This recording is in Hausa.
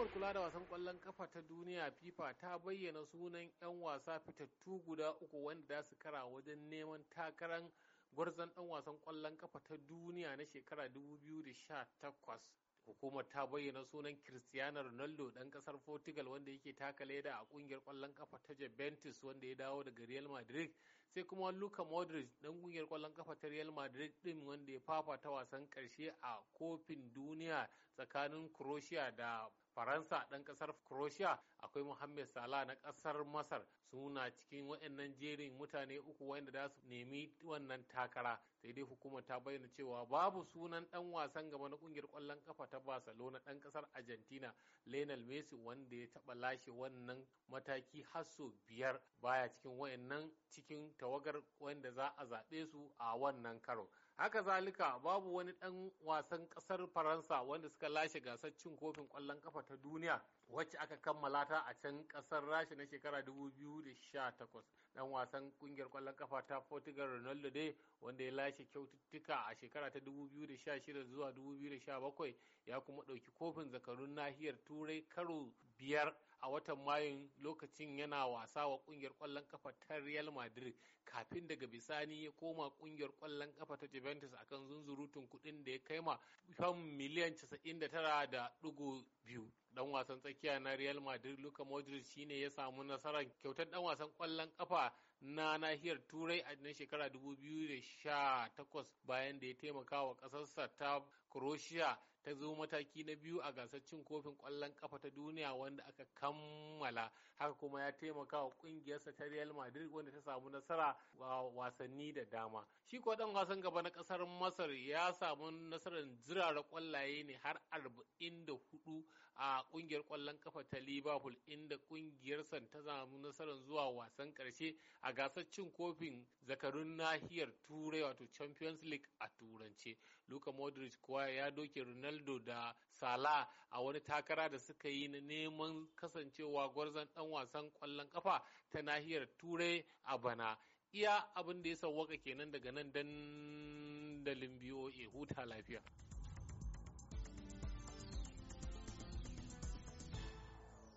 Hukumar kula da wasan kwallon kafa ta duniya FIFA ta bayyana sunan 'yan wasa fitattu guda uku wanda za su kara wajen neman takarar gwarzon ɗan wasan kwallon kafa ta duniya na shekara 2018. Hukumar ta bayyana sunan Cristiano Ronaldo ɗan ƙasar Portugal wanda yake taka leda a ƙungiyar kwallon kafa ta Juventus wanda ya dawo daga Real Madrid sai kuma Luka Modric dan kungiyar kwallon kafa ta Real Madrid din wanda ya fafata wasan karshe a kofin duniya tsakanin Croatia da Faransa ɗan ƙasar Croatia akwai Mohamed Salah na ƙasar Masar suna cikin waɗannan jerin mutane uku wanda za su nemi wannan takara sai dai hukumar ta bayyana cewa babu sunan ɗan wasan gaba na ƙungiyar ƙwallon ƙafa ta Barcelona ɗan ƙasar Argentina Lionel Messi wanda ya taɓa lashe wannan mataki har sau biyar baya cikin waɗannan cikin tawagar wanda za a zaɓe su a wannan karo Haka zalika babu wani ɗan wasan ƙasar Faransa wanda suka lashe gasar cin kofin ƙwallon ƙafa ta duniya wacce aka kammala ta a can ƙasar Rasha na shekara 2018. Ɗan wasan ƙungiyar ƙwallon ƙafa ta Portugal Ronaldo dai wanda ya lashe kyaututtuka a shekara ta 2016 zuwa 2017 ya kuma ɗauki kofin zakarun nahiyar Turai karo biyar a watan mayun lokacin yana wasa wa kungiyar kwallon kafa ta real madrid kafin daga bisani ya koma kungiyar kwallon kafa ta juventus akan zunzurutun kudin da ya kai ma fam miliyan 99 da ɗigo biyu dan wasan tsakiya na real madrid luka modric shine ya samu nasarar kyautar dan wasan kwallon kafa na nahiyar turai a na shekara 2018 bayan da ya taimaka wa ƙasarsa ta croatia ta zo mataki na biyu a gasar cin kofin ƙwallon kafa ta duniya wanda aka kammala haka kuma ya taimaka wa ƙungiyarsa ta Real Madrid wanda ta samu nasara a wasanni da dama. Shi kuwa ɗan wasan gaba na ƙasar Masar ya samu nasarar zirara kwallaye ne har arba'in da hudu a ƙungiyar kwallon kafa ta Liverpool inda ƙungiyarsa ta samu nasarar zuwa wasan ƙarshe a gasar cin kofin zakarun nahiyar Turai wato Champions League a Turance. Luka Modric kuwa ya doke Ronaldo Ronaldo da Salah a wani takara da suka yi na neman kasancewa gwarzon ɗan wasan ƙwallon ƙafa ta nahiyar Turai a bana. Iya abin da ya sauwaka kenan daga nan dandalin BOA huta lafiya.